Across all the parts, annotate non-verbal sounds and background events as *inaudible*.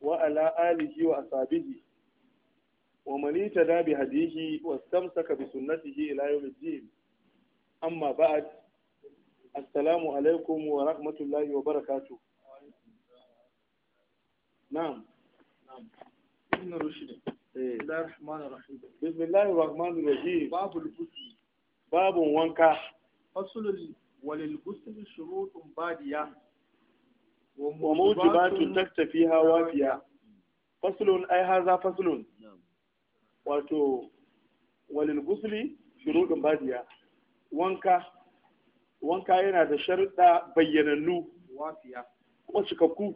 Wa ala'ahi biyu da aka yi a sabbin yin Wa malama bi sunan da ke layu da Amma ba'a ce. Asalaamu wa rahmatullahi wa barakatu. Na na Babu wanka. Fasulari walin badiya. wa mawjibatun taktafi hawa fiya faslun ai haza faslun wato walil gusli shurudun badiya wanka wanka yana da sharuɗa bayyanannu kuma cikakku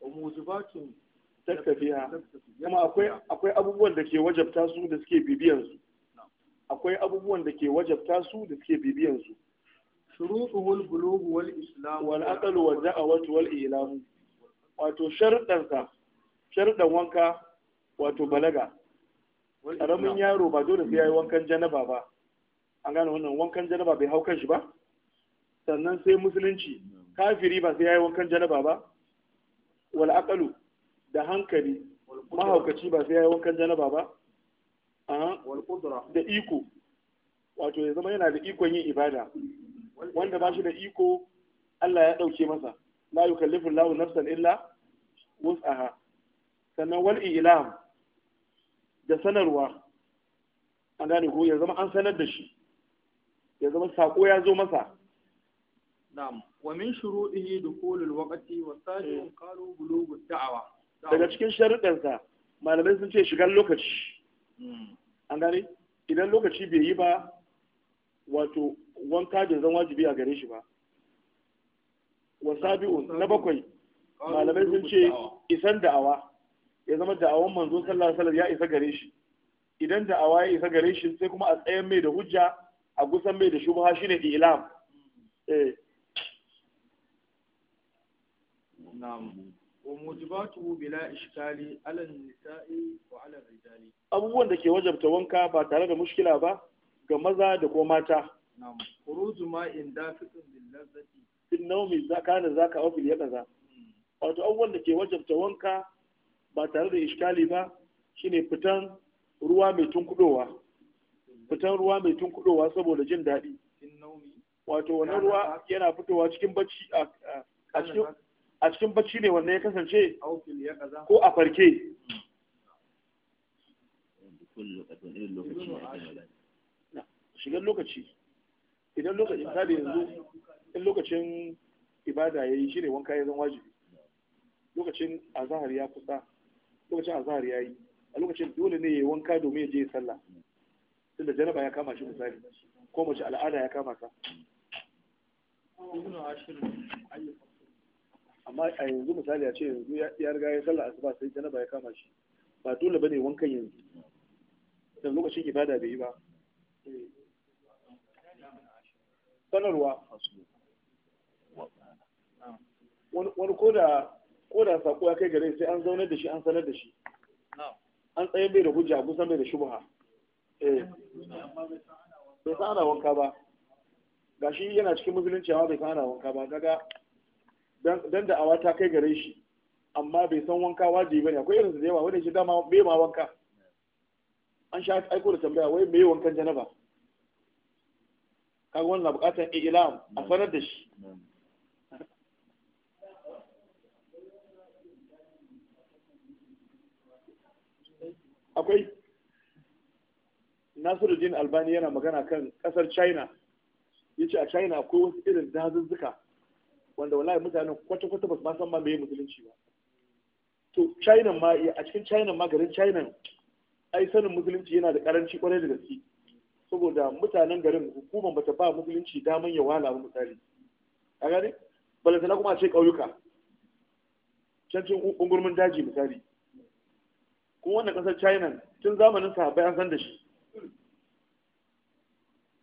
wa mawjibatun kuma akwai akwai abubuwan da ke wajabta su da suke bibiyan su akwai abubuwan shuruɗuhu al wato wanka wato balaga yaro ba dole wankan janaba ba sannan sai musulunci kafiri ba sai yi wankan janaba ba wal da hankali mahaukaci ba sai yi wankan janaba ba da iko wato ya zama yana da ikon yin ibada wanda ba shi da iko Allah ya ɗauke masa la yukallifu Allahu nafsan illa wus'aha sannan wal ilam da sanarwa an gane ko ya zama an sanar da shi ya zama sako ya zo masa na'am wa min shuruɗihi dukhulul waqti wa sajidun eh. qalu bulughud da'wa daga cikin sharuɗansa malamai sun ce shigar lokaci hmm. an gane idan lokaci bai yi ba wato wanka bai zan wajibi a gare shi ba wasabi'un na bakwai malamai sun ce isan da'awa ya zama da'awan manzon sallallahu alaihi wasallam ya isa gare shi idan da'awa ya isa gare shi sai kuma a tsayan mai da hujja a gusan mai da shubha shine ilam eh na'am ومجباته بلا إشكال على النساء وعلى الرجال abubuwan da ke wajabta wanka ba tare da mushkila ba ga maza da ko Na'am. Khuruju ma'in dafiqin bil lazzati. Fil nawmi zakana zaka aw bil yaqaza. Wato abubuwan da ke wajabta wanka ba tare da iskali ba shine fitan ruwa mai tunkudowa. Fitan ruwa mai tunkudowa saboda jin daɗi. Wato wannan ruwa yana fitowa cikin bacci a cikin a cikin bacci ne wannan ya kasance ko a farke. Shigar lokaci. idan lokacin ta yanzu in lokacin ibada ya yi shine wanka ya zan wajibi lokacin azahar ya kusa lokacin azahar ya yi a lokacin dole ne ya yi wanka domin ya je sallah tunda janaba ya kama shi misali ko mace al'ada ya kama ka amma a yanzu misali a ce yanzu ya riga ya sallah asuba sai janaba ya kama shi ba dole bane wankan yanzu da lokacin ibada bai yi ba eh, sanarwa wani ko da ya kai gare sai an zaunar da shi an sanar da shi an tsaye bai da hujja kusan bai da shubha eh bai sa ana wanka ba gashi yana cikin musulunci amma bai sa ana wanka ba gaga dan da awa ta kai gare shi amma bai san wanka wajibi bane akwai irin su da yawa wanda shi dama bai ma wanka an sha aiko da tambaya wai me wankan janaba kaga wannan bukatan ilam a sanar da shi akwai nasiruddin albani yana magana kan kasar china ya ce a china akwai wasu irin dazuzzuka wanda wani mutane kwata-kwata ba su san ma meye musulunci ba to china ma a cikin china ma garin china ai sanin musulunci yana da karanci kwarai da gaske saboda mutanen garin hukumar bata ba musulunci daman ya wala wa misali a gani balantana kuma ce ƙauyuka can cin ungurmin daji misali kuma wannan ƙasar china tun zamanin sahabai an san da shi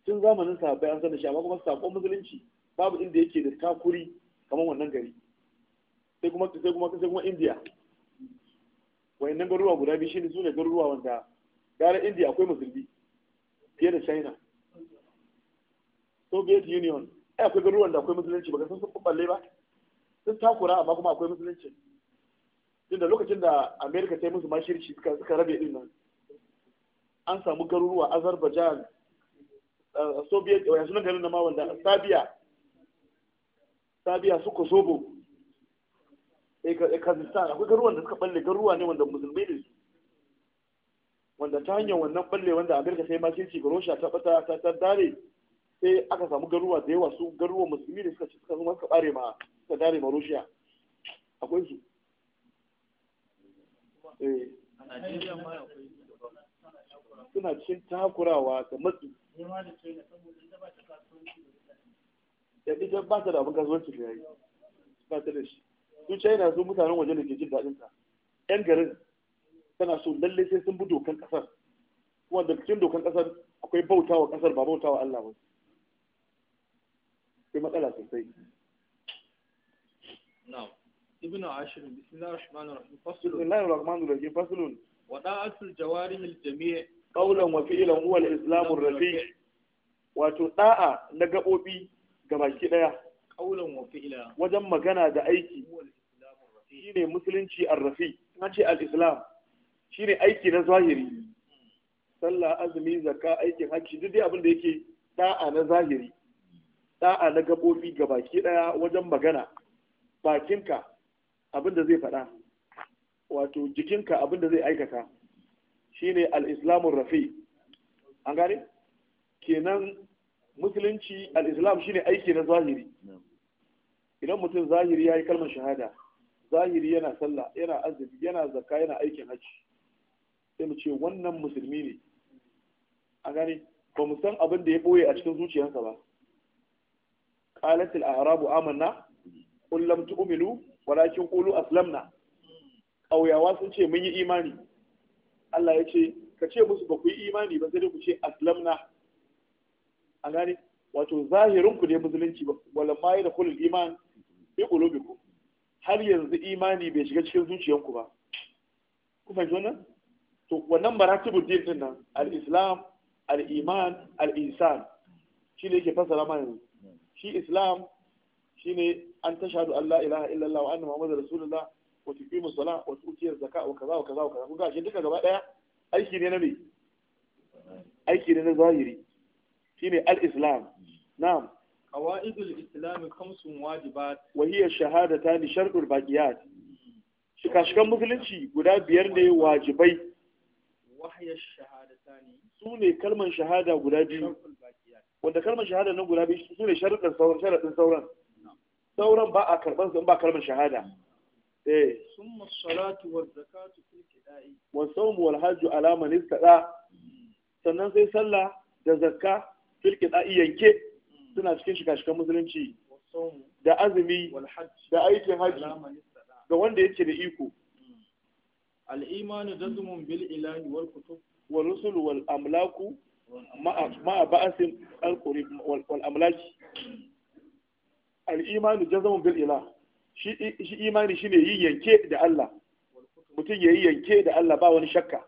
tun zamanin sahabai an san da shi amma kuma sakon musulunci babu inda yake da takuri kamar wannan gari sai kuma sai kuma sai kuma india wayannan garuruwa guda biyu shine ne garuruwa wanda gara india akwai musulmi fiye da china soviet union ai akwai garuruwan da akwai musulunci ba sun kubballe ba sun takura amma kuma akwai musulunci da lokacin da america ta yi musu mashirci suka rabe din nan an samu garuruwa azerbaijan eh, soviet ya sunan garin nama wanda sabiya sabiya su kosovo eh, eh, kazistan akwai garuruwan da suka balle garuruwa ne wanda musulmai ne su wanda ta hanyar wannan balle wanda amerika sai makirci ga rosha ta bata ta ta dare sai aka samu garuwa da yawa su garuwa musulmi da suka ci suka zama suka bare ma suka dare ma rosha akwai su eh. suna cikin takurawa da matsi da ita ba ta da abin kasuwanci da yayi ba ta da shi su china su mutanen waje da ke jin daɗin ta yan garin tana so lalle sai sun bi dokan kasar kuma da cikin dokan kasar akwai bautawa kasar ba bautawa Allah ba sai matsala sosai Ibn ibnu ashir bismillahir rahmanir rahim faslun bismillahir rahmanir rahim faslun wada'atul jawarimil jami' qawlan wa fi'lan huwa al-islamur rafi' wato da'a na gabobi gabaki daya qawlan wa fi'la wajen magana da aiki shine musulunci ar-rafi an ce al-islam shine aiki na zahiri sallah azumi zakka aikin hajji duk dai abin da yake da'a na zahiri da'a na gabobi ga baki daya wajen magana bakinka abin da zai faɗa wato jikinka abin da zai aikata shine al islamu rafi an gane kenan musulunci al-islam shine aiki na zahiri idan mutum zahiri ya yi kalmar shahada zahiri yana sallah yana azumi yana zakka yana aikin hajji sai mu ce wannan musulmi ne a gani ba mu san abin da ya boye a cikin zuciyarsa ba qalatil Arabu amanna qul lam tu'minu walakin qulu aslamna ƙauyawa sun ce mun yi imani Allah ya ce ka ce musu ba ku yi imani ba sai dai ku ce aslamna a gani wato zahirin ku ne musulunci ba wala ma da kullu iman bi qulubikum har yanzu imani bai shiga cikin zuciyanku ba ku fahimci wannan to wannan maratibul din din nan al-islam al-iman al-insan shi ne yake fassara mana yanzu shi islam shi ne an tashhadu Allah, la ilaha illallah wa anna muhammadar rasulullah wa tuqimu salat wa tu'ti zakat wa kaza wa kaza wa kaza kun shi duka gaba daya aiki ne na me aiki ne na zahiri shi ne al-islam na'am قواعد الاسلام خمس واجبات وهي الشهادتان شرط الباقيات shika-shikan musulunci guda biyar ne wajibai wahayar shahadata ne su ne kalman shahada guda biyu wanda kalman shahada na guda biyu su ne sharuɗin sauran sharaɗin sauran sauran ba a karɓar su in ba kalman shahada eh summa salatu wa zakatu fil qida'i wa sawmu wal hajju ala man istada sannan sai sallah da zakka fil qida'i yanke suna cikin shika-shikan musulunci da azumi da aikin hajji, ga wanda yake da iko al'imanu jazmun bil ilahi wal kutub ma'a ba'asin al wal amlaki al-imanu jazmun bil shi imani yin yanke da Allah mutum yayi yanke da Allah ba wani shakka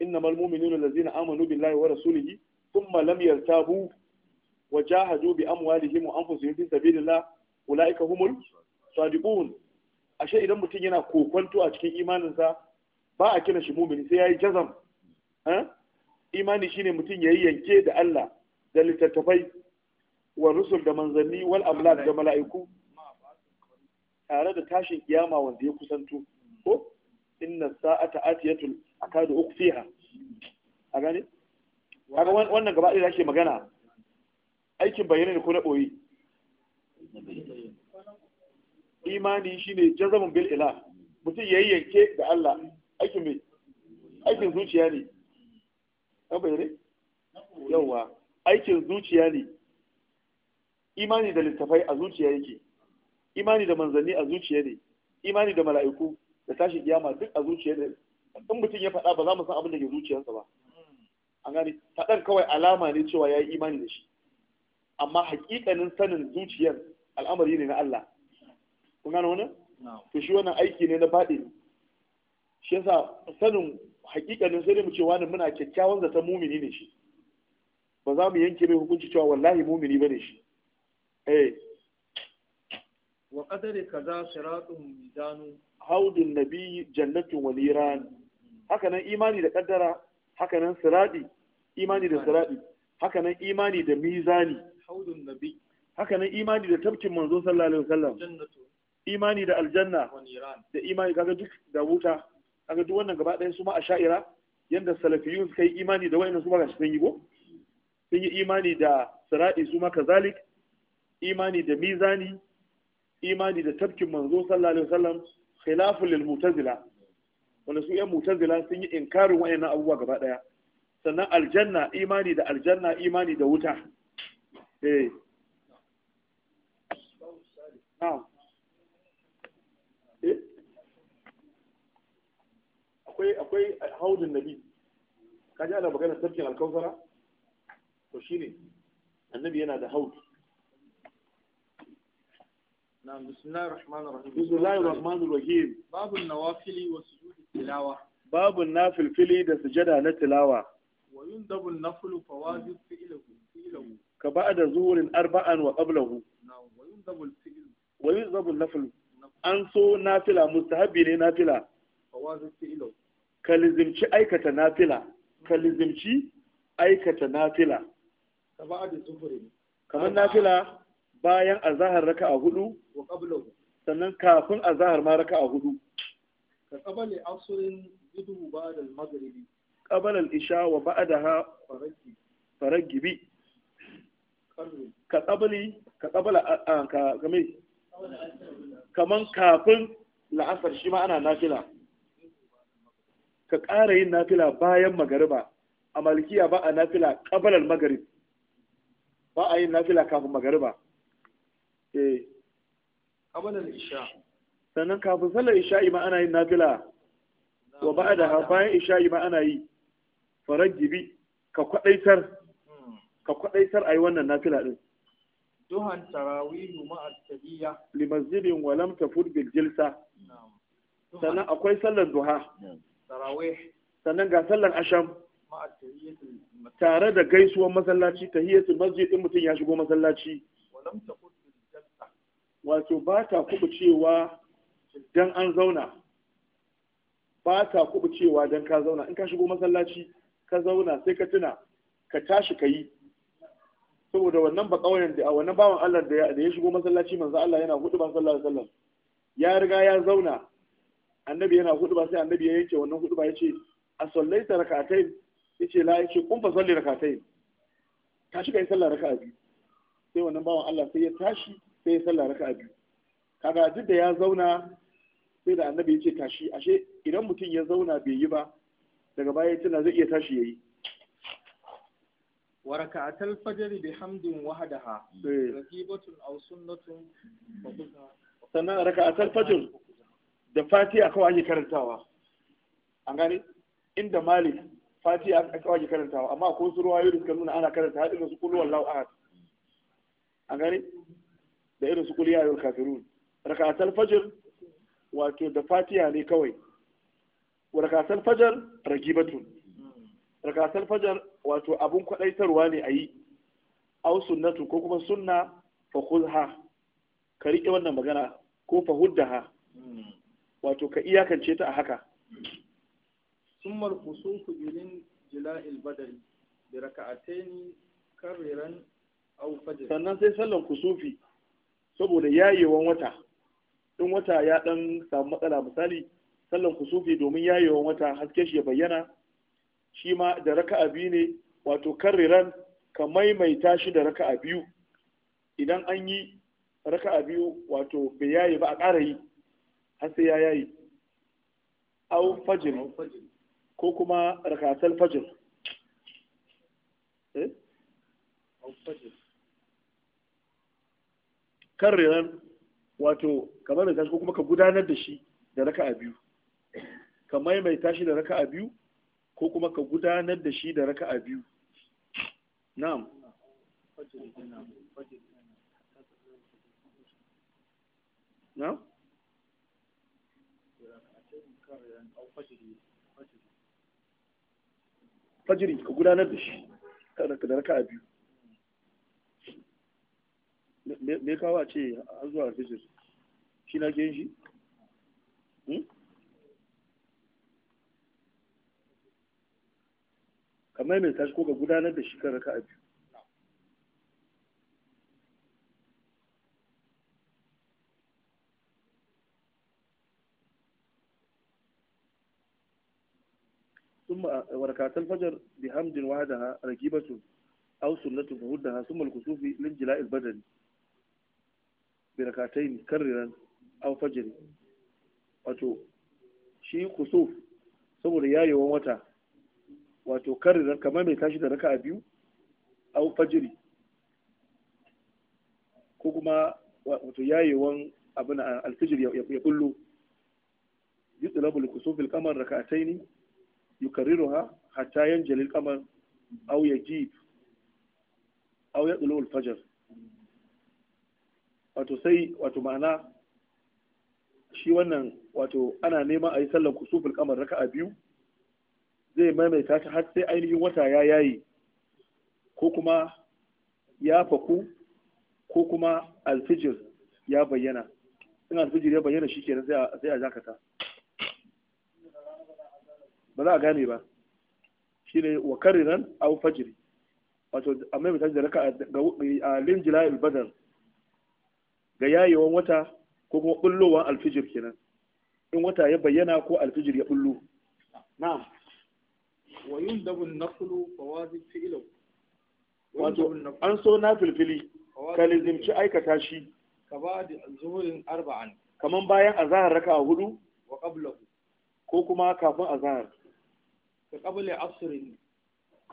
innamal mu'minuna allazina amanu billahi wa rasulihi thumma lam yartabu wa jahadu bi amwalihim wa anfusihim fi ulaika humul sadiqun ashe idan mutum yana kokwanto a cikin imaninsa ba a kira shi mumini sai ya yi jazam imani shine mutum ya yi yanke da Allah da littattafai wa rusul da manzanni wal amlak da mala'iku tare da tashin kiyama wanda ya kusanto ko inna sa'ata atiyatul akadu ukhfiha a gane kaga wannan gaba ɗaya ake magana aikin bayyana ne ko na ɓoye imani shine jazamun bil ilah mutum yayi yanke da Allah aikin mai aikin zuciya ne an bayyane yawa aikin zuciya ne imani da littafai a zuciya yake imani da manzanni a zuciya ne imani da mala'iku da tashi kiyama duk a zuciya ne in mutum ya faɗa ba za mu san abin da ke zuciyarsa ba an gane faɗar kawai alama ne cewa ya yi imani da shi amma hakikanin sanin zuciyar al'amari ne na Allah kun gane wannan to shi wannan aiki ne na baɗi shi yasa sanin hakikanin sai dai mu ce wani muna kyakkyawan zaton mumini ne shi ba za mu yanke mai hukunci cewa wallahi mumini bane shi eh wa qadari kaza siratun mizanu haudun nabiyyi jannatun waliran haka nan imani da kaddara haka nan siradi imani da siradi haka nan imani da mizani haudun nabi haka nan imani da tafkin manzo sallallahu alaihi wasallam jannatun imani da aljanna da imani kaga duk da wuta kaga duk wannan gaba ɗayan su ma a sha'ira yadda salafiyun suka yi imani da wayannan su ma gashi sun yi go sun yi imani da sira'i su ma kazalik imani da mizani imani da tafkin manzo sallallahu alaihi wasallam khilafu lil mutazila wanda su yan mutazila sun yi inkarin wayannan abubuwa gaba ɗaya sannan aljanna imani da aljanna imani da wuta eh na'am akwai akwai haudin nabi Ka ji ana magana sarkin alkausara to shi shine annabi yana da haud na'am bismillahir rahmanir rahim bismillahir rahmanir rahim babun nawafili wa sujudi tilawa babun nafilfili da sujada na tilawa wa yundabu an-naflu fawazib fi'luhu fi'luhu ka ba'da zuhurin arba'an wa qablahu na'am wa yundabu an-naflu an so nafila mustahabbi ne nafila fawazib fi'luhu ka lizimci aikata nafila ka lizimci aikata nafila kamar nafila bayan azahar raka a hudu sannan kafin azahar ma raka a hudu ka kabale asurin gudu ba da magharibi qabala isha wa ba'daha faragibi ka qabli ka qabala ka game kaman kafin la'asar shi ma ana nafila ka ƙara yin nafila bayan magariba a malikiya ba a nafila ƙabalar magarib ba a yin nafila kafin magariba ƙabalar eh. isha sannan kafin sallar isha'i ma ana yin nafila wa ba da bayan isha'i ma ana yi gibi ka kwaɗaitar hmm. ka kwaɗaitar a yi wannan nafila ɗin duhan tarawihu ma'a tabiya li masjidin wa bil jilsa sannan akwai sallar duha sannan ga sallar asham tare da gaisuwar masallaci ta tahiyatul masjid din mutum ya shigo masallaci wato ba ta cewa don an zauna ba ta cewa don ka zauna in ka shigo masallaci ka zauna sai ka tuna ka tashi ka yi saboda wannan ba kauyen da wannan bawan Allah da ya shigo masallaci manzo Allah yana hudu ban sallar sallar. ya riga ya zauna annabi yana hudu ba sai annabi ya yanke wannan hudu ba ya ce a sallaita rakatai ya ce la ya ce kun fa salli rakatai ka yi sallah raka'a biyu sai wannan bawan Allah sai ya tashi sai ya sallah raka'a biyu kaga duk da ya zauna sai da annabi ya ce tashi ashe idan mutum ya zauna bai yi ba daga baya tana zai iya tashi yayi wa raka'atul fajr bi hamdin wahdaha eh. raqibatun aw sunnatun sannan raka'atul fajr da fatiha kawai ake karantawa an gane inda malik fatiha kawai ake karantawa amma ko su ruwa da suka nuna ana karanta har irin su kullu wallahu ahad an gane da irin su kullu yayyul kafirun raka'atul fajr wato da fatiha ne kawai wa raka'atul fajr ragibatun raka'atul fajr wato abun kwadaitarwa ne a yi aw sunnatu ko kuma sunna fa khudha ka rike wannan magana ko fa huddaha hmm. wato ka iyakance ta a haka summar kusufu ilin jila'il badari da raka'ataini karriran au fajr sannan sai sallan kusufi saboda yayewan wata in wata ya ɗan samu matsala misali sallan kusufi domin yayewan wata haske shi ya bayyana shi ma da raka'a biyu ne wato kariran ka maimaita shi da raka'a biyu idan an yi raka'a biyu wato bai yaye ba a ƙara yi har ya yayi au fajr ko kuma rakatul fajr eh au fajr wato kamar da tashi ko kuma ka gudanar da shi da raka'a biyu ka maimaita shi da raka'a biyu ko kuma ka gudanar da shi da raka'a biyu na'am na'am fajiri ka gudanar da shi kada ka daraka a biyu me kawo a ce an zuwa alfijir shi na gen yin shi hmm? kamar mai tashi ko ka gudanar da shi kan raka a biyu ثم وركعت الفجر بحمد وحدها ركيبة أو سنة فهدها ثم الكسوف لانجلاء البدن بركعتين كررا أو فجر wato shi kusuf saboda yayewan wata wato karirar kamar mai tashi da raka a biyu au fajiri ko kuma wato yayewan abin alfijir ya bullo yi tsalabul kusufil kamar raka a taini yukarriruha حتى yanjali القمر أو يجيب أو aw الفجر wato sai wato ma'ana shi wannan wato ana neman a yi sallar kusufin kamar a biyu zai maimaita ta har sai ainihin wata ya yayi ko kuma ya faku ko kuma alfijir ya bayyana in alfijir ya bayyana shi ke sai a dakata ba za a gane ba ne wa nan aw fajiri wato mai misali da raka a linjila jila badr ga yayewan wata ko kuma bullowan alfijir kenan in wata ya bayyana ko alfijir ya bullo na'am wa yundabu an-naflu fi ilo wato an so na filfili ka lizimci aikata shi ka ba da zuhurin arba'an kaman bayan azahar raka a hudu wa ko kuma kafin azahar ka kabale asrin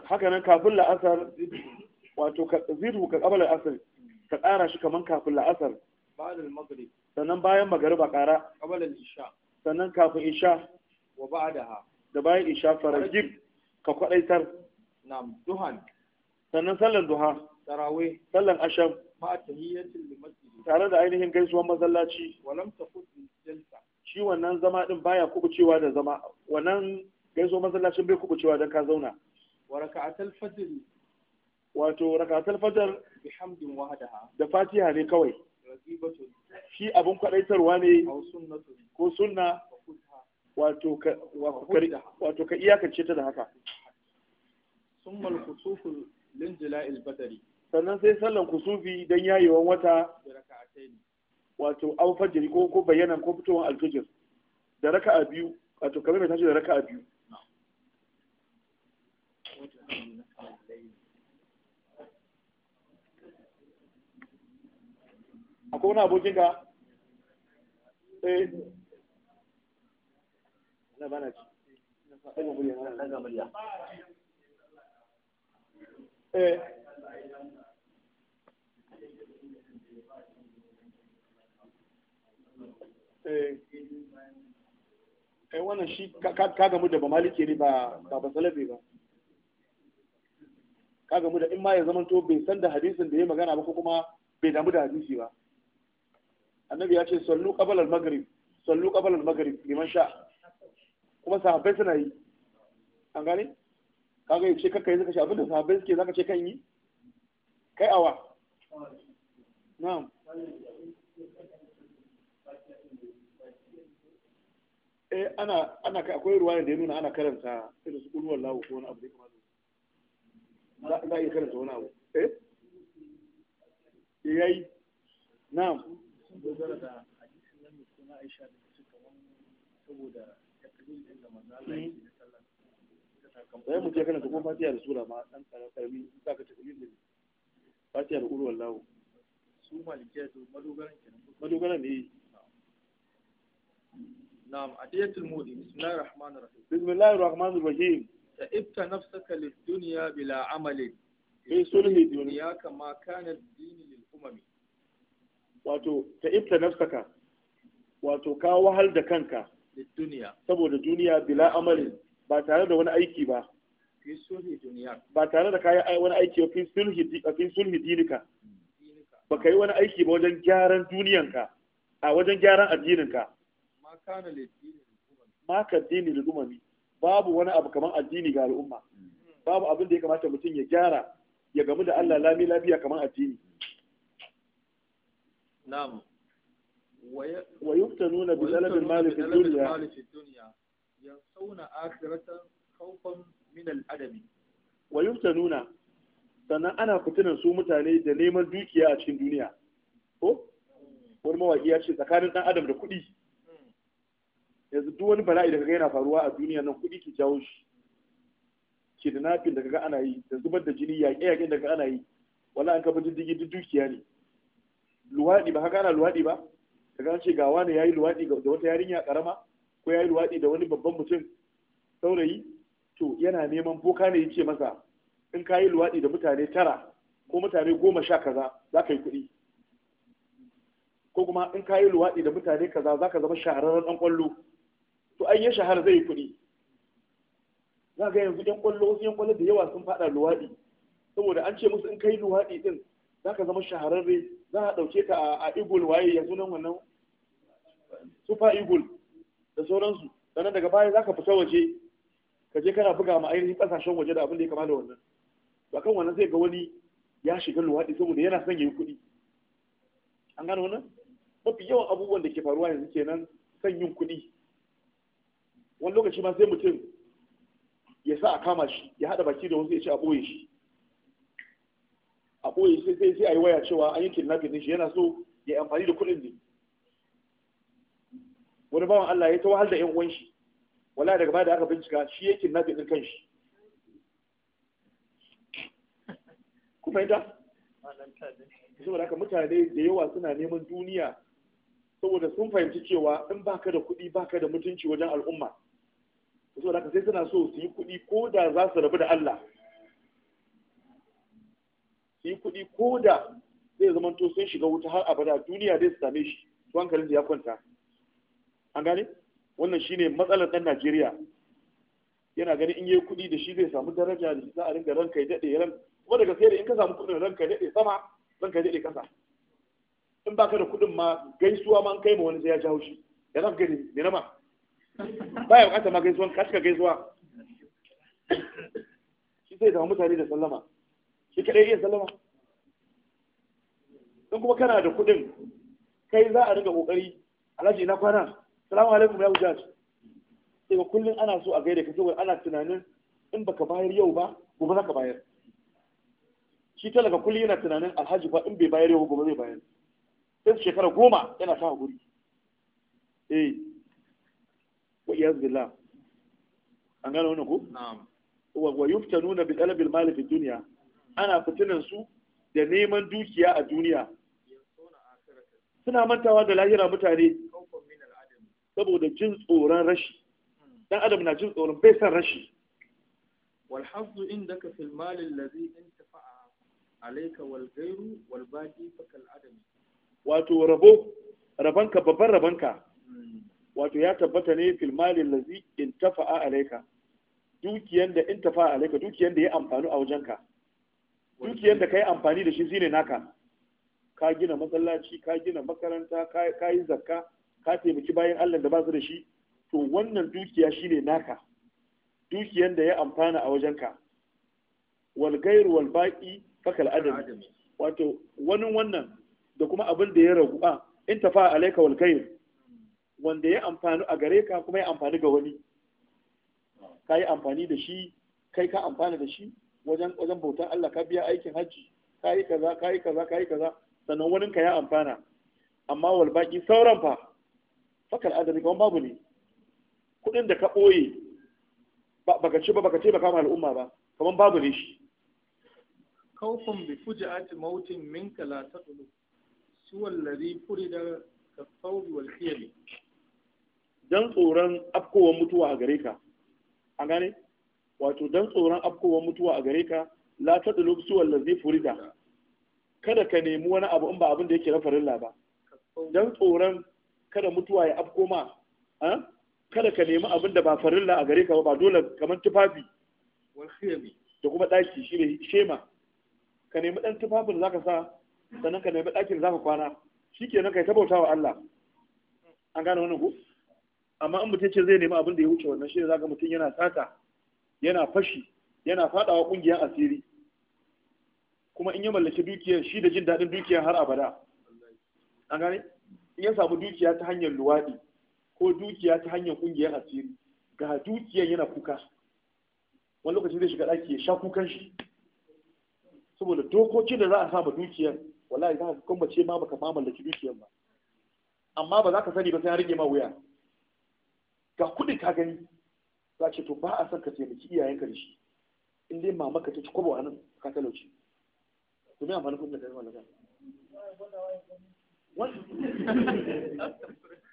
haka nan kafin la'asar wato ka zidu ka kabale asr ka tsara shi kaman kafin la'asar ba'da al-maghrib sannan bayan magariba kara kabale al-isha sannan kafin isha wa ba'daha da bayan isha farajib ka kwadaitar na'am duhan sannan sallan duha tarawih sallan asham ma tahiyatul masjid tare da ainihin gaisuwar masallaci walam tafut jalsa shi wannan zama din baya kubucewa da zama wannan kai ya zo masallacin bai kuɓu cewa don ka zauna wato rakatar fajar da fatiha ne kawai shi abin kwaɗaitarwa ne ko sunna wato ka iyakance ta da haka summa al-kusufu lin jila'il badari sannan sai sallan kusufi don yayewan wata wato an fajiri ko bayanan ko fitowar alfijir da raka'a biyu wato kamar mai tashi da raka'a biyu akwai wani abokin ka eh na eh. Eh. Eh, wannan shi ka gamu da ba maliki ne ba ba salafi ba ka gamu da in ma ya zama to bai san da hadisin da ya magana ba ko kuma bai damu da hadisi ba annabi ya ce sallu qabala al-maghrib sallu qabala al-maghrib liman sha kuma sahabbai suna yi an gane kaga yace kakkai zaka ce abinda sahabbai suke zaka ce kan yi kai awa na'am eh ana ana akwai ruwaya da ya nuna ana karanta irin su kulwar lawo ko wani abu da kuma za a iya karanta wani abu eh, eh yayi na'am dogara da hadisin nan mai suna Aisha da su kaman saboda takrir din da manzo Allah yake da sallah sai mu je kana ko fatiha da sura ma dan karami zaka takrir din fatiha da ulul wallahu su malikiya to madogaran kenan madogaran ne نعم عدية المودي بسم الله الرحمن الرحيم بسم الله الرحمن الرحيم تعبت نفسك للدنيا بلا عمل في صلح دنياك ما كان الدين للأمم wato ta ibta nafsaka wato ka wahal da kanka saboda duniya bila amali ba tare da wani aiki ba ba tare da kayan wani aiki a fin sulhi dinika ba ka yi wani aiki ba wajen gyaran duniyanka a wajen gyaran addininka ma ka dini da umami babu wani abu kamar addini ga al'umma mm. babu abin da ya kamata mutum ya gyara ya gamu da Allah lami lafiya kamar addini na'am wa yuftanuna bi talabil mali fi dunya yansawna akhiratan khawfan min sannan ana fitinan su mutane da neman dukiya a cikin duniya ko wani mawaƙi ya ce tsakanin ɗan adam da kuɗi yanzu duk wani bala'i da kaga yana faruwa a duniya nan kuɗi ke jawo shi kidnapping da kaga ana yi da zubar da jini yaƙe yaƙen da kaga ana yi wala an kafa diddigi duk dukiya ne luwaɗi ba haka ana luwaɗi ba ka gane ce ga wani yayi luwaɗi da wata yarinya karama ko yayi luwaɗi da wani babban mutum saurayi to yana neman boka ne yace masa in ka yi luwaɗi da mutane tara ko mutane goma sha kaza za ka yi kuɗi ko kuma in ka yi luwaɗi da mutane kaza za ka zama shahararren ɗan ƙwallo to an yi shahara zai yi kuɗi za ga yanzu ɗan ƙwallo wasu ƴan ƙwallo da yawa sun faɗa luwaɗi saboda an ce musu in ka yi luwaɗi ɗin za ka zama shahararre za a ɗauke ka a igul waye yanzu sunan wannan super igul da sauransu sannan daga baya za ka fita waje ka je kana buga ma ainihin ƙasashen waje da abin da ya kama da wannan ba kan wannan zai ga wani ya shiga luwaɗi saboda yana son yi kuɗi an gano wannan mafi yawan abubuwan da ke faruwa yanzu kenan son yin kuɗi wani lokaci ma sai mutum ya sa a kama shi ya haɗa baki da wasu ya ci a ɓoye shi a ɓoye sai sai sai a yi waya cewa an yi kidnapping din shi yana so ya amfani da kuɗin ne wani bawan Allah ya ta wahal da ƴan uwan shi wala daga baya da aka bincika shi ya kidnapping din kanshi kuma ita saboda haka mutane da yawa suna neman duniya saboda sun fahimci cewa in baka da kuɗi baka da mutunci wajen al'umma saboda haka sai suna so su yi kuɗi ko da za su rabu da Allah yi kuɗi ko da zai zama to sun shiga wuta har abada duniya dai su same shi to hankalin da ya kwanta an gane wannan shine matsalar ɗan Najeriya yana ganin in yi kuɗi da shi zai samu daraja da za a ringa ranka ya daɗe ran kuma daga sai da in ka samu kuɗin ranka ya daɗe sama ranka ya daɗe ƙasa in baka da kuɗin ma gaisuwa ma an kai ma wani sai ya jawo shi da za gani ne na ma baya bukata ma gaisuwa ka shiga gaisuwa shi sai da mutane da sallama shi kadai iya sallama in kuma kana da kuɗin kai za a riga kokari alhaji ina kwana salamu alaikum ya hujjaj sai kullum ana so a gaida ka ana tunanin in baka bayar yau ba gobe za ka bayar shi talaka kullum yana tunanin alhaji fa in bai bayar yau gobe zai bayar sai shekara goma yana sa haƙuri eh wa iyaz billah an gano wannan ko na'am wa yuftanuna bi talabil mali fi dunya ana fitinan su da neman dukiya a duniya suna mantawa da lahira mutane saboda jin tsoron rashi dan adam na jin tsoron bai san rashi wal hazzu indaka fil mal allazi intafa'a alayka wal ghayru wal baqi fakal adam wato rabo rabanka babban rabanka hmm. wato ya tabbata ne fil mal allazi intafa'a alayka dukiyan da intafa'a alayka dukiyan da ya amfanu a wajenka dukiyar da ka yi amfani da shi zine naka ka gina masallaci ka gina makaranta ka yi zakka ka taimaki bayan allah da ba su da shi to wannan dukiya shi ne naka dukiyar da ya amfana a wajenka wal gairu wal baqi fakal adami wato wani wannan da kuma abin da ya ragu a in tafa alaika wal ghair wanda ya amfani a gare ka kuma ya amfani ga wani ka yi amfani da shi kai ka amfana da shi wajen wajen bautan Allah ka biya aikin hajji ka yi kaza ka yi kaza ka yi kaza sannan wani ka ya amfana amma wal baki sauran fa fakal adami kawai babu ne kudin da ka boye baka ce ba baka ce baka al'umma ba kaman babu ne shi kawfun bi fuji'ati mautin minka la taqulu suwa ladhi furida kafawri wal khiyali dan tsoron afkowar mutuwa a gare ka an gane wato dan tsoron afkowar mutuwa a gare ka la ta dulub su wallazi furida kada ka nemi wani abu in ba abin da yake na farilla ba dan tsoron kada mutuwa ya afko ma kada ka nemi abin da ba farilla a gare ka ba dole kamar tufafi da kuma ɗaki shi ne shema ka nemi ɗan tufafin da zaka sa sannan ka nemi ɗakin da zaka kwana shi kenan kai ta bautawa Allah an gane wannan ku amma in mutum ce zai nemi abin da ya wuce wannan shi ne zaka mutum yana sata yana fashi yana fadawa kungiyar asiri kuma in ya mallaki dukiyar shi da jin daɗin dukiyar har abada an gane in ya samu dukiya ta hanyar luwaɗi ko dukiya ta hanyar kungiyar asiri ga dukiyar yana kuka wani lokacin zai shiga ɗaki ya sha kukan shi saboda dokokin da za a sama dukiyar wallahi za ka kumbace ma baka ma mallaki dukiyar ba amma ba za ka sani ba sai an rage ma wuya ga kuɗi ka gani za ce to ba a son ka taimaki iyayenka da shi in dai mama ka ta ci kwabo a nan ka talauci to me amfani kun da kai mallaka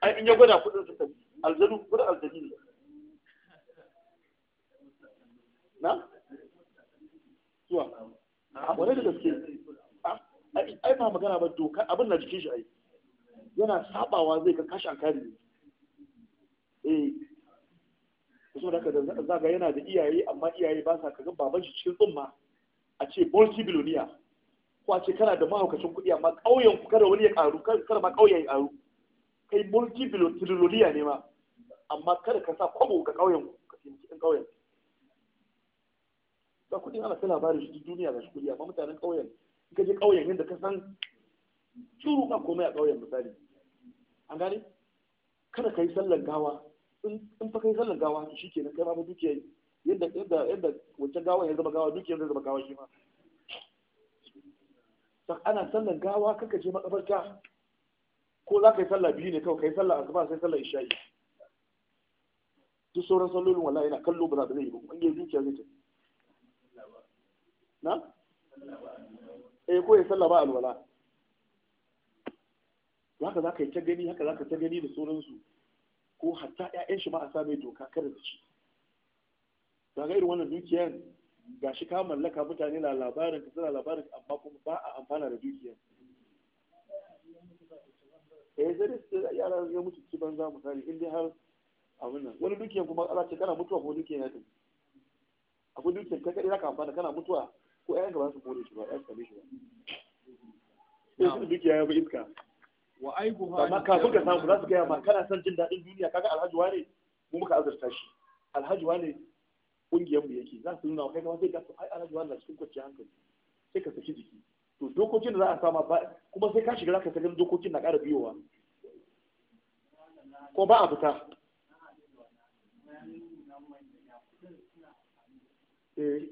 ai in ya gwada kudin su ta aljanu kudin aljanu ne na zuwa a wani da gaske ai ba magana ba doka abin na jikin shi ai yana sabawa zai ka kashi an kare eh so da zaga yana da iyaye amma iyaye ba sa kaga baban shi cikin tsumma a ce multi billionaire ko a ce kana da mahaukacin kuɗi amma ƙauyen ku kada wani ya ƙaru kada ma ƙauyen ya ƙaru kai multi billionaire ne ma amma kada ka sa kwabo ga ƙauyen ku ka taimaki ƙauyen ba kuɗin ana ta labarin shi duniya ga shi kuɗi amma mutanen ƙauyen in ka je ƙauyen yadda ka san shuru ba komai a ƙauyen misali an gane kada ka yi sallan gawa in fa kai sallan gawa shi kenan kai ma dukiya yadda yadda yadda wancan gawa ya zama gawa dukiya zai zama gawa shi ma san ana sallar gawa kanka je makabarta ko za ka yi sallah biyu ne kawai kai sallah asuba sai sallah isha'i duk sauran sallolin wallahi yana kallo ba za zai yi ba kuma in dukiya zai tafi na eh ko ya sallah ba alwala haka za ka yi ta gani haka za ka ta gani da sauransu ko hatta 'ya'yan shi ba a same doka kada da shi ga irin wannan dukiyar ga shi ka mallaka mutane na labarin ka suna labarin amma kuma ba a amfana da dukiyar eh zai da yara ya mutu ci banza misali in dai har abin nan wani dukiyar kuma ala ce kana mutuwa ko dukiyar ya tafi akwai dukiyar kai kadai ka amfana kana mutuwa ko yayan ka ba su kore shi ba ƴaƴan ka ne shi ba sai dukiyar ya bi iska wa aibuha amma kafin ka samu za su gaya ma kana son jin daɗin duniya kaga alhaji wane mu muka azurta shi alhaji wane kungiyar mu yake za su nuna kai kuma sai ka ai alhaji wane na cikin kwanciyar hankali sai ka saki jiki to dokokin da za a sama ba kuma sai ka shiga za ka sakin dokokin na ƙara biyowa ko ba a fita eh,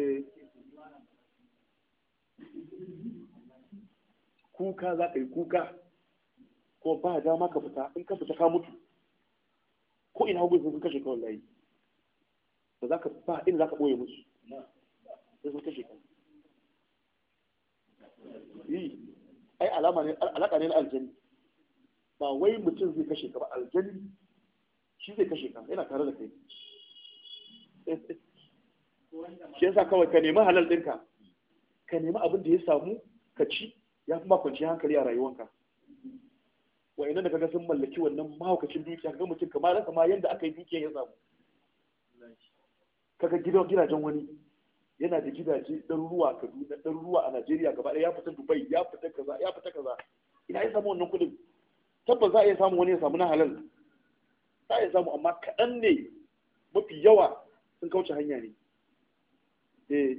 eh. kuka za ka yi kuka ko ba dama ka fita in ka fita ka mutu ko ina hagu sun kashe kawai layi ba za ka ba ina za ka ɓoye musu sai sun kashe ka yi ai alama ne alaƙa ne na aljani ba wai mutum zai kashe ka ba aljani shi zai kashe ka yana tare da kai shi yasa kawai ka nemi halal ɗinka ka nemi abin da ya samu ka ci ya kuma kwanci hankali a rayuwanka wa da kaga sun mallaki wannan mahaukacin dukiya ga mutum kamar rasa ma yadda aka yi dukiya ya samu kaga gidan gidajen wani yana da gidaje ɗaruruwa kaduna ɗaruruwa a najeriya gaba ɗaya ya fita dubai ya fita kaza ya fita kaza ina ya samu wannan kuɗin tabbas za a iya samu wani ya samu na halal za a iya samu amma kaɗan ne mafi yawa sun kauce hanya ne eh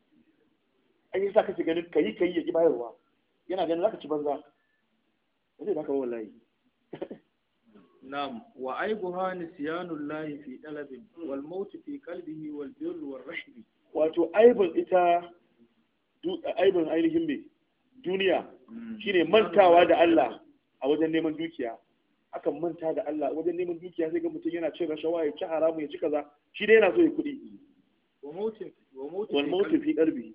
an yi sa kake ganin ka ka kayi ya ki bayarwa yana ganin zaka ci banza ba zai baka wallahi نعم وعيبها نسيان الله في قلبه والموت في قلبه والبر والرحم wato aibin ita aibin ainihin mai duniya hmm. shine mantawa da Allah a wajen neman dukiya akan manta da Allah wajen neman dukiya sai ga mutum yana cin rashawa ya ci haramu ya ci kaza shi dai yana so ya kuɗi wal mautu fi qalbi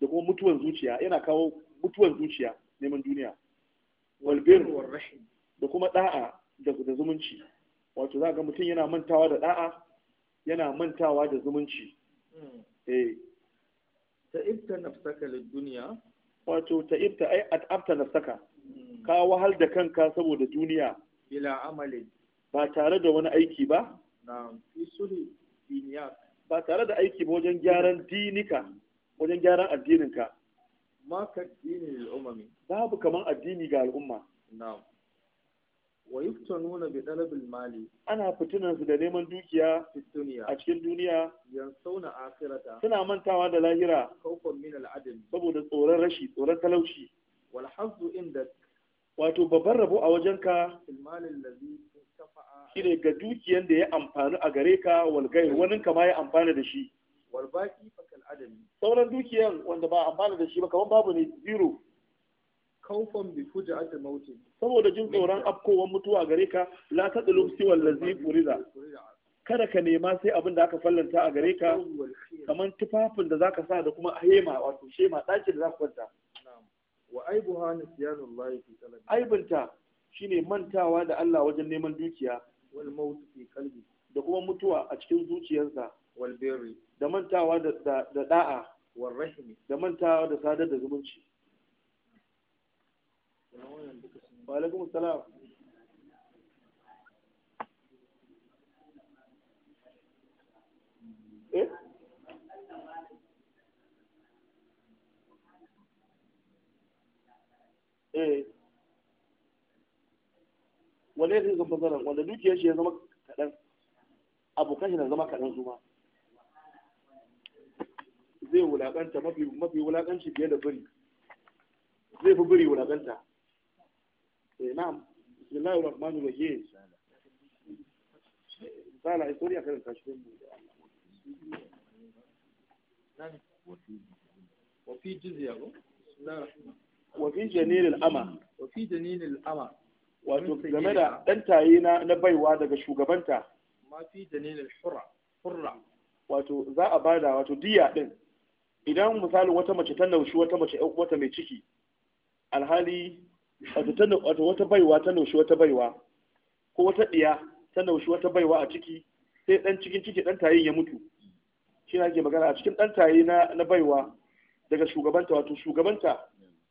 da kuma mutuwan zuciya yana kawo mutuwan zuciya neman duniya walbir da kuma da'a da zumunci wato za ga mutum yana mantawa da da'a yana mantawa da zumunci hmm. eh ta ibta nafsaka lid duniya wato ta ibta ai at'abta nafsaka hmm. ka wahal da kanka saboda duniya bila amali ba tare da wani aiki ba Na fi sulhi ba tare da aiki ba wajen gyaran dinika wajen gyaran addininka ma ka dini da umami babu kamar addini ga al'umma na'am wa nuna bi talabil mali ana fitinan su da neman dukiya a cikin duniya sauna akhirata suna mantawa da lahira kaufan min al'adam saboda tsoron rashi tsoron talauci wal inda wato babban rabo a wajenka shine ga dukiyan da ya amfani a gare ka walgai wani kama ya amfani da shi walbaki sauran dukiyan wanda ba amfana da shi ba kamar babu ne zero kaufan bi fuja'ati mauti saboda jin tsoron afkowar mutuwa gare ka la tadlum siwal wallazi furiza. kada ka nema sai abin da aka fallanta a gare ka kamar tufafin da zaka sa da kuma hema wato shema ɗakin da zaka kwanta wa aibuha nisyanullahi fi talabi aibinta shine mantawa da Allah wajen neman dukiya wal mautu fi kalbi. da kuma mutuwa a cikin zuciyarsa wal da mantawa da da'a warrahimi da mantawa da sadar da zumunci wa alaikum salam eh eh wane ne zan fasara wanda dukiyar shi ya zama kaɗan abokan shi na zama kaɗan kuma. zai wulakanta mafi wulakanci fiye da biri zai fi biri wulakanta. eh na bismillahir rahmanir rahim sala historia kan ta shi وفي جزية وفي جنين wato game da ɗan taye na baiwa daga shugabanta ma fi hurra wato za a bada wato diya din idan misali wata mace ta naushi wata mace wata mai ciki alhali wata baiwa ta naushi wata baiwa ko wata ɗiya ta naushi wata baiwa a ciki sai ɗan cikin ciki ɗan tayin ya mutu shi na ke magana a cikin ɗan tayi na baiwa daga shugabanta wato shugabanta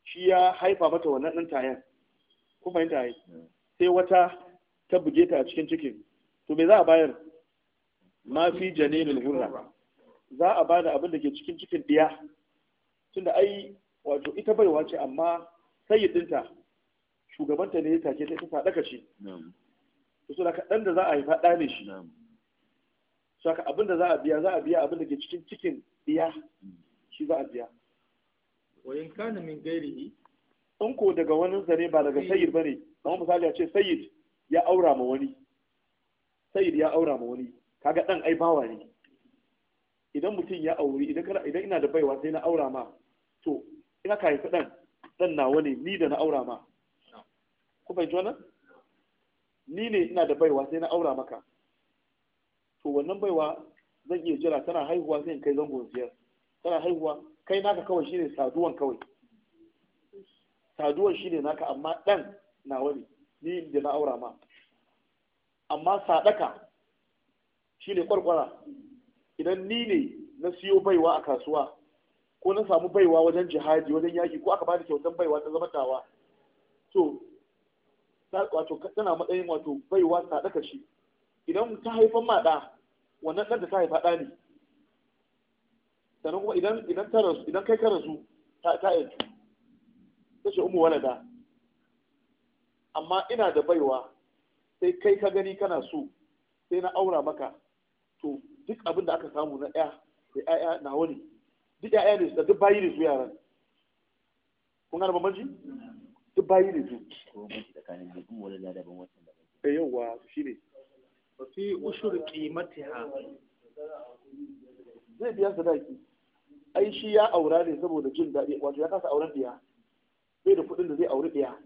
shi ya haifa mata wannan ɗan tayin ko fahimta yi. sai wata ta buge ta a cikin cikin to me za a bayar ma fi janinul hurra za a bada abin da ke cikin cikin diya tunda ai wato ita baiwa ce amma sayyidinta shugabanta ne ya take ta ta sadaka ce to so da dan da za a haifa da ne shi so haka abin da za a biya za a biya abin da ke cikin cikin diya mm. shi za a biya wa in kana min gairihi in ko daga wani zare ba daga sayyid bane kamar misali a ce sayyid ya aura ma wani sayyid ya aura ma wani kaga dan ai bawa ne idan mutum ya auri idan ina da baiwa sai na aura ma to ina kai haifi ɗan ɗan nawa ne ni da na aura ma ku bai jona ni ne ina da baiwa sai na aura maka to wannan baiwa zan iya jira tana haihuwa sai in kai zango ziyar tana haihuwa kai naka kawai shine saduwan kawai saduwan shine naka amma ɗan nawa ne ni da na aura ma amma sadaka shine kwarkwara idan ni ne na siyo baiwa a kasuwa ko na samu baiwa wajen jihadi wajen yaki ko aka ba da kyautan baiwa ta zama tawa to wato tana matsayin wato baiwa ta daka shi idan ta haifan ma da wannan ɗan da ta haifa ɗa ne sannan kuma idan idan ta rasu idan kai ka rasu ta ta ta ce umu walada amma ina da baiwa sai kai ka gani kana so sai na aura maka to duk abin da aka samu na ɗaya da ƴaƴa na wani duk ƴaƴa ne su duk bayi ne su yaran kun gane bambanci duk bayi ne su eh yawa shi ne fi ushur qimatiha zai biya sadaki ai shi ya aura ne saboda jin daɗi wato ya kasa auren biya bai da kuɗin da zai auri biya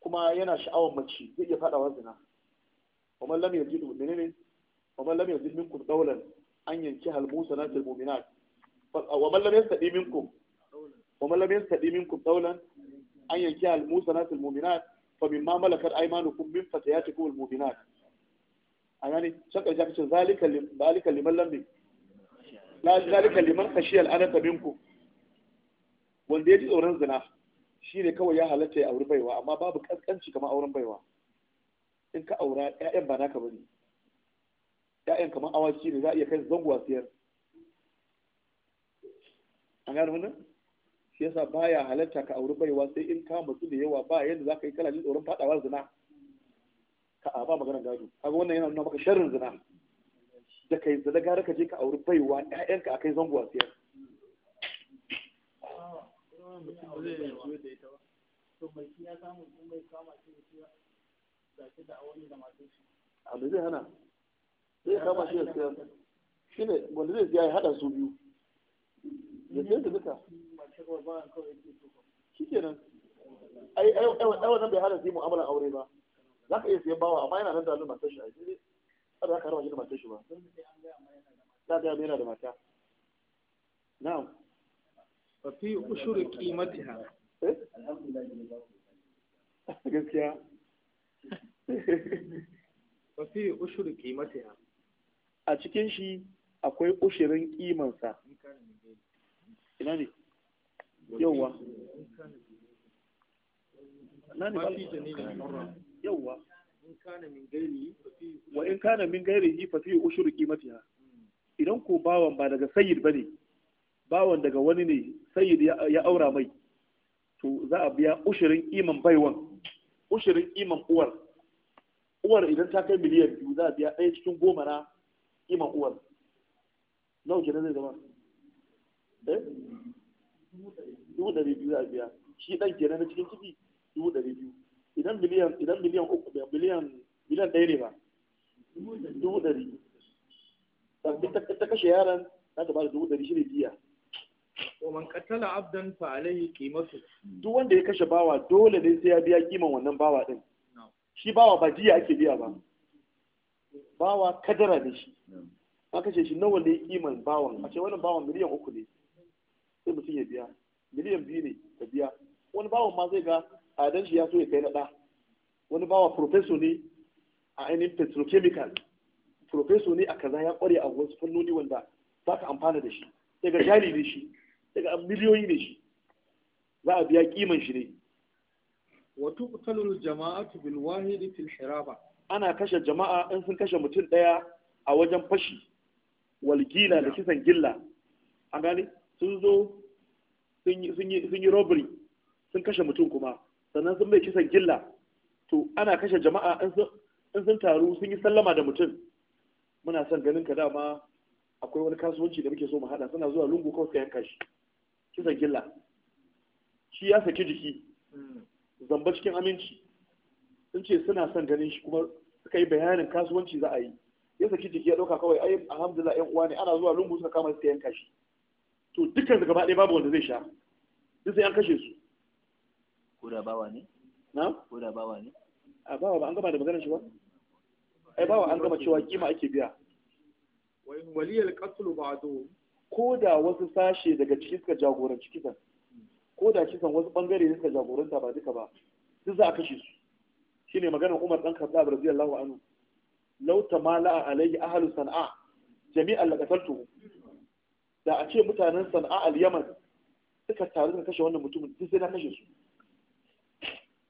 kuma yana sha'awar mace zai iya faɗawa zina kuma lam yajidu menene ومن لم يجد منكم قولا أن ينكح المحصنات المؤمنات ومن لم يستدي منكم ومن لم يستدي منكم قولا أن ينكح المحصنات المؤمنات فمما ملكت أيمانكم من فتياتكم المؤمنات أنني شكل شكل ذلك ذلك لمن لم ذلك liman khashiya al'anata minkum wanda ya ji tsoron zina shine kawai ya halatta ya auri baiwa amma babu kaskanci kamar auren baiwa in ka aura ƴaƴan ba naka bane ya'yan kamar awaki ne za a iya kai zango siyar an gane wannan shi yasa baya halatta ka auri baiwa sai in ka mutu da yawa ba yadda za ka yi kalalin jin tsoron fadawa zina ka a ba maganar gado kaga wannan yana nuna maka sharrin zina da kai zina gara ka je ka auri baiwa ka akai zango a siyar abu zai hana sai ya kama shi ya sayar shi ne wanda zai siya ya haɗa su biyu ya sayar da duka shi nan ai ai wannan bai hana su yi mu'amalan aure ba za ka iya siyan bawa amma yana nan da matar shi a yi ba za ka rama shi da matar shi ba za ka yana da mata na'am fa fi ushuri qimatiha eh *laughs* gaskiya fa fi ushuri qimatiha a cikin shi akwai ushirin kimansa ina ne yauwa yauwa wa in kana min gairihi fa fi ushuru qimatiha idan ko bawan ba daga sayyid bane bawan daga wani ne sayyid ya aura mai to za a biya ushirin iman baiwan ushirin iman uwar uwar idan ta kai miliyan biyu za a biya ɗaya cikin goma na kiman uwar nawa kenan zai zama eh dubu ɗari biyu za a biya shi ɗan kenan na cikin ciki dubu ɗari biyu idan miliyan idan miliyan uku da miliyan miliyan ɗaya ne ba dubu ɗari ta kashe yaran za ta bada dubu ɗari shi ne biya ومن قتل عبدا فعليه قيمته duk wanda ya kashe bawa dole ne sai ya biya kiman wannan bawa din shi bawa ba jiya ake biya ba bawa kadara ne shi kashe shi nawa ne kiman bawan a ce wannan bawan miliyan uku ne sai mutum ya biya miliyan biyu ne ka biya wani bawan ma zai ga a dan shi ya so ya kai na ɗa wani bawa profeso ne a ainihin petrochemical profeso ne a kaza ya kware a wasu fannoni wanda za ka amfana da shi sai ga jari ne shi sai ga miliyoyi ne shi za a biya kiman shi ne wato tuqtalu jama'atu bil wahidi fil hiraba ana kashe jama'a in sun kashe mutum daya a wajen fashi walgila da kisan gilla an gane sun zo sun yi robbery sun kashe mutum kuma sannan sun mai kisan gilla to ana kashe jama'a in sun taru sun yi sallama da mutum muna son ganin ka dama akwai wani kasuwanci da muke so mu hada suna zuwa lungu kawai suka yanka shi kisan gilla shi ya saki jiki zamba cikin aminci sun ce suna son ganin shi kuma suka yi bayanin kasuwanci za a yi ya saki jiki ya ɗauka kawai ai alhamdulillah ƴan uwa ne ana zuwa lungu suka kama suka yanka shi to dukkan gaba ɗaya babu wanda zai sha duk sai an kashe su ko da bawa ne na ko da bawa ne a bawa ba an gama da maganar shi ba ai bawa an gama cewa kima ake biya Wai waliyal qatlu ba'du ko da wasu sashe daga ciki suka jagoranci kisan ko da kisan wasu bangare ne suka jagoranta ba duka ba duk za a kashe su shine maganar Umar dan Khattab radiyallahu anhu law tamala alayhi ahlu sana'a jami'an laqataltu da a ce mutanen sana'a al-yaman suka taru suka kashe wannan mutumin duk sai na kashe su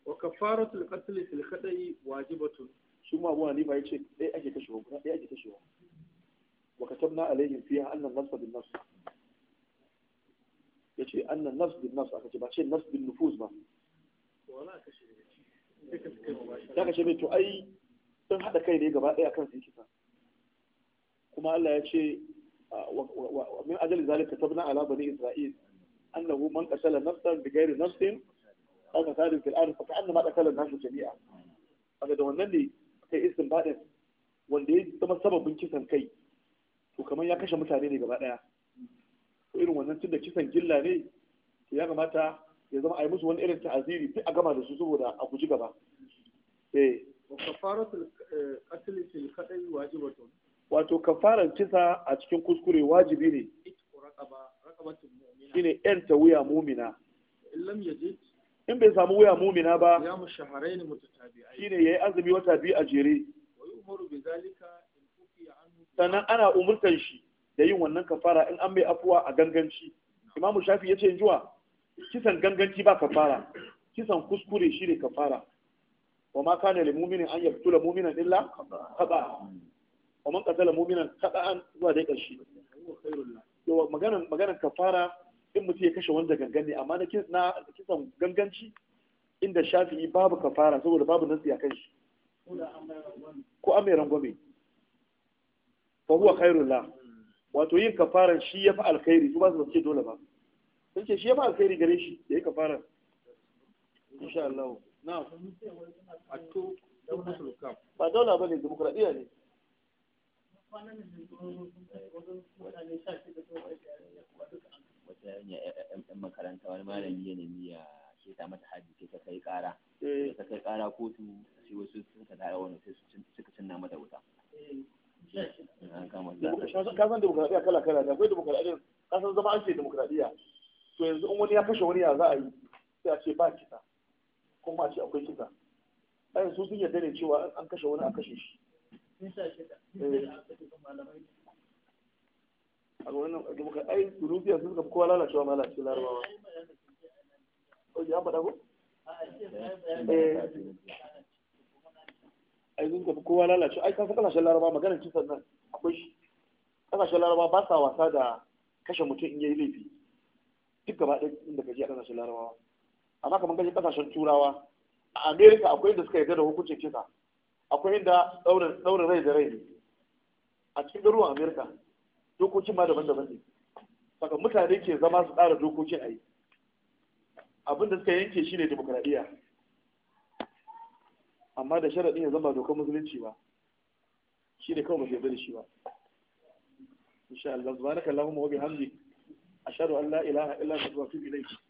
wa kafaratul qatl fil khada'i wajibatun shi ma Abu Hanifa yace dai ake kashewa guda dai ake kashewa wa katabna alaihim fiha anna an-nafs bin nafs yace anna nafs bin nafs aka ce ba ce nafs bin nufuz ba wala kashe ne to ai sun haɗa kai ne gaba ɗaya kan sun kisa kuma Allah ya ce ah, min ajali zalika tabna ala bani isra'il annahu man qatala nafsan bighairi nafsin aw qatala fil ardi fa ma qatala an jami'a kaga da wannan ne kai istinbadin wanda ya zama sababin kisan kai to kamar ya kashe mutane ne gaba ɗaya to irin wannan tun da kisan gilla ne ya kamata ya zama a yi musu wani irin ta'aziri sai a gama da su saboda a guji gaba eh qatl eh, fil wajibatun wato kafaran kisa a cikin kuskure wajibi ne shine yan ta wuya mumina in bai samu wuya mumina ba shine yayi azumi wata biyu a jere sannan ana umurtan shi da yin wannan kafara in an mai afuwa a ganganci imamu shafi ya ce juwa kisan ganganci ba kafara kisan kuskure shi ne kafara wa ma kana lil mu'minin an yaqtula mu'minan illa khata wa man qatala mu'minan khata'an zuwa dai karshe yawa maganan kafara in mutum ya kashe wanda gangan ne amma na kisan ganganci inda shafi'i babu kafara saboda babu nasiya a kan shi ko an mai rangwame fa huwa khairul la wato yin kafaran shi ya fi alkhairi su ba su ce dole ba sun ce shi ya fi alkhairi gare shi da ya kafaran insha Allah ba daula ba ne ne yan makaranta wani malami ya nemi ya mata haji sai ta kai kara eh. ta kai kara kotu sai wasu suka wani sai suka cinna mata wuta ka san demokradiyya kala kala ne akwai demokradiyya ka san zama an ce demokradiyya to yanzu in wani ya kashe wani ya za a yi sai a ce ba kita kuma ce akwai kisa su sun yarda ne cewa an kashe wani a kashe shi eh. a wannan muka ai rubiya sun ga kowa lalacewa ma larabawa ya faɗa ko ai sun ga kowa lalacewa ai kasashen larabawa akwai shi kasashen larabawa ba sa wasa da kashe mutum in yayi laifi duk gaba ɗaya inda ka je a kasashen larabawa amma kamar ganin kasashen turawa a america akwai inda suka yarda da hukuncin kisa akwai inda daura rai da rai ne a cikin garuruwan america dokokin ma daban-daban ne saka mutane ke zama su tsara dokokin a yi abinda suka yanke shi ne demokradiyya amma da sharaɗin ya zama dokar musulunci ba shi ne kawai ba da shi ba insha Allah subhanaka Allahumma wa bihamdik ashhadu an la ilaha illa anta astaghfiruka wa atubu ilayk